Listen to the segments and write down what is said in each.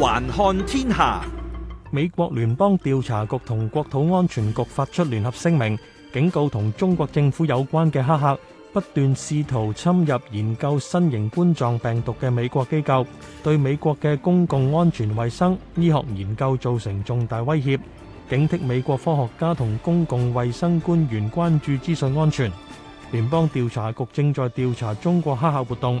環看天下，美國聯邦調查局同國土安全局發出聯合聲明，警告，同中國政府有關嘅黑客不斷試圖侵入研究新型冠狀病毒嘅美國機構，對美國嘅公共安全、衛生、醫學研究造成重大威脅，警惕美國科學家同公共衛生官員關注資訊安全。聯邦調查局正在調查中國黑客活動。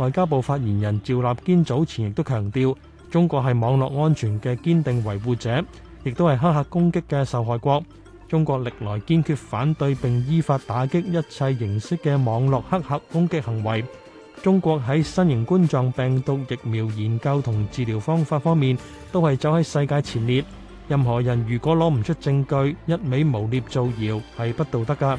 外交部發言人趙立堅早前亦都強調，中國係網絡安全嘅堅定維護者，亦都係黑客攻擊嘅受害國。中國歷來堅決反對並依法打擊一切形式嘅網絡黑客攻擊行為。中國喺新型冠狀病毒疫苗研究同治療方法方面，都係走喺世界前列。任何人如果攞唔出證據，一味污衊造謠，係不道德噶。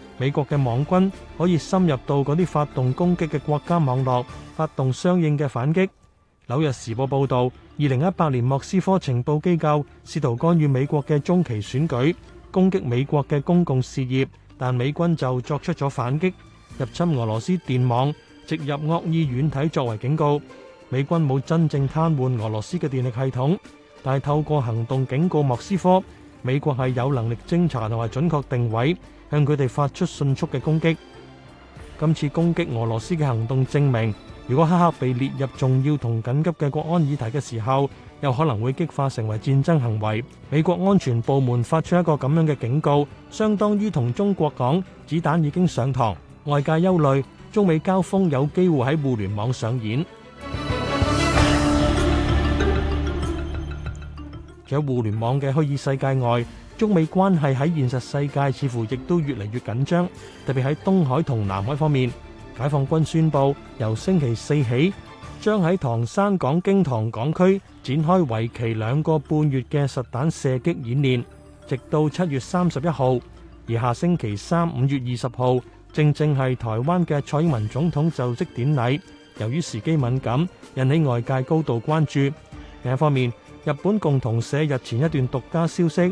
美國嘅網軍可以深入到嗰啲發動攻擊嘅國家網絡，發動相應嘅反擊。紐約時報報導，二零一八年莫斯科情報機構試圖干預美國嘅中期選舉，攻擊美國嘅公共事業，但美軍就作出咗反擊，入侵俄羅斯電網，植入惡意軟體作為警告。美軍冇真正癱瘓俄羅斯嘅電力系統，但係透過行動警告莫斯科，美國係有能力偵查同埋準確定位。向佢哋發出迅速嘅攻擊。今次攻擊俄羅斯嘅行動證明，如果黑客被列入重要同緊急嘅國安議題嘅時候，有可能會激化成為戰爭行為。美國安全部門發出一個咁樣嘅警告，相當於同中國講，子彈已經上膛。外界憂慮中美交鋒有機會喺互聯網上演。除咗互聯網嘅虛擬世界外，中美關係喺現實世界似乎亦都越嚟越緊張，特別喺東海同南海方面，解放軍宣布由星期四起，將喺唐山港京唐港區展開為期兩個半月嘅實彈射擊演練，直到七月三十一號。而下星期三五月二十號，正正係台灣嘅蔡英文總統就職典禮，由於時機敏感，引起外界高度關注。另一方面，日本共同社日前一段獨家消息。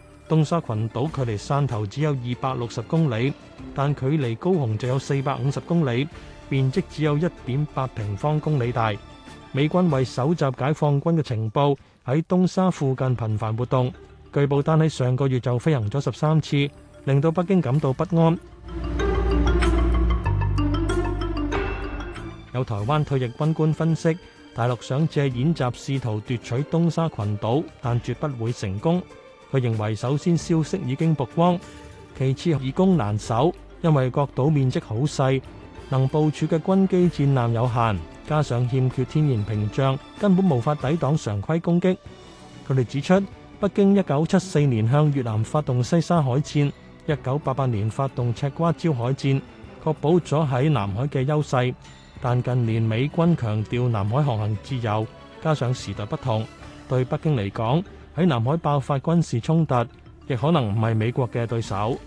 東沙群島距離汕頭只有二百六十公里，但距離高雄就有四百五十公里，面積只有一點八平方公里大。美軍為搜集解放軍嘅情報，喺東沙附近頻繁活動，據報單喺上個月就飛行咗十三次，令到北京感到不安。有台灣退役軍官分析，大陸想借演習試圖奪取東沙群島，但絕不會成功。佢認為首先消息已經曝光，其次易攻難守，因為國島面積好細，能部署嘅軍機戰艦有限，加上欠缺天然屏障，根本無法抵擋常規攻擊。佢哋指出，北京一九七四年向越南發動西沙海戰，一九八八年發動赤瓜礁海戰，確保咗喺南海嘅優勢。但近年美軍強調南海航行自由，加上時代不同，對北京嚟講，喺南海爆發軍事衝突，亦可能唔係美國嘅對手。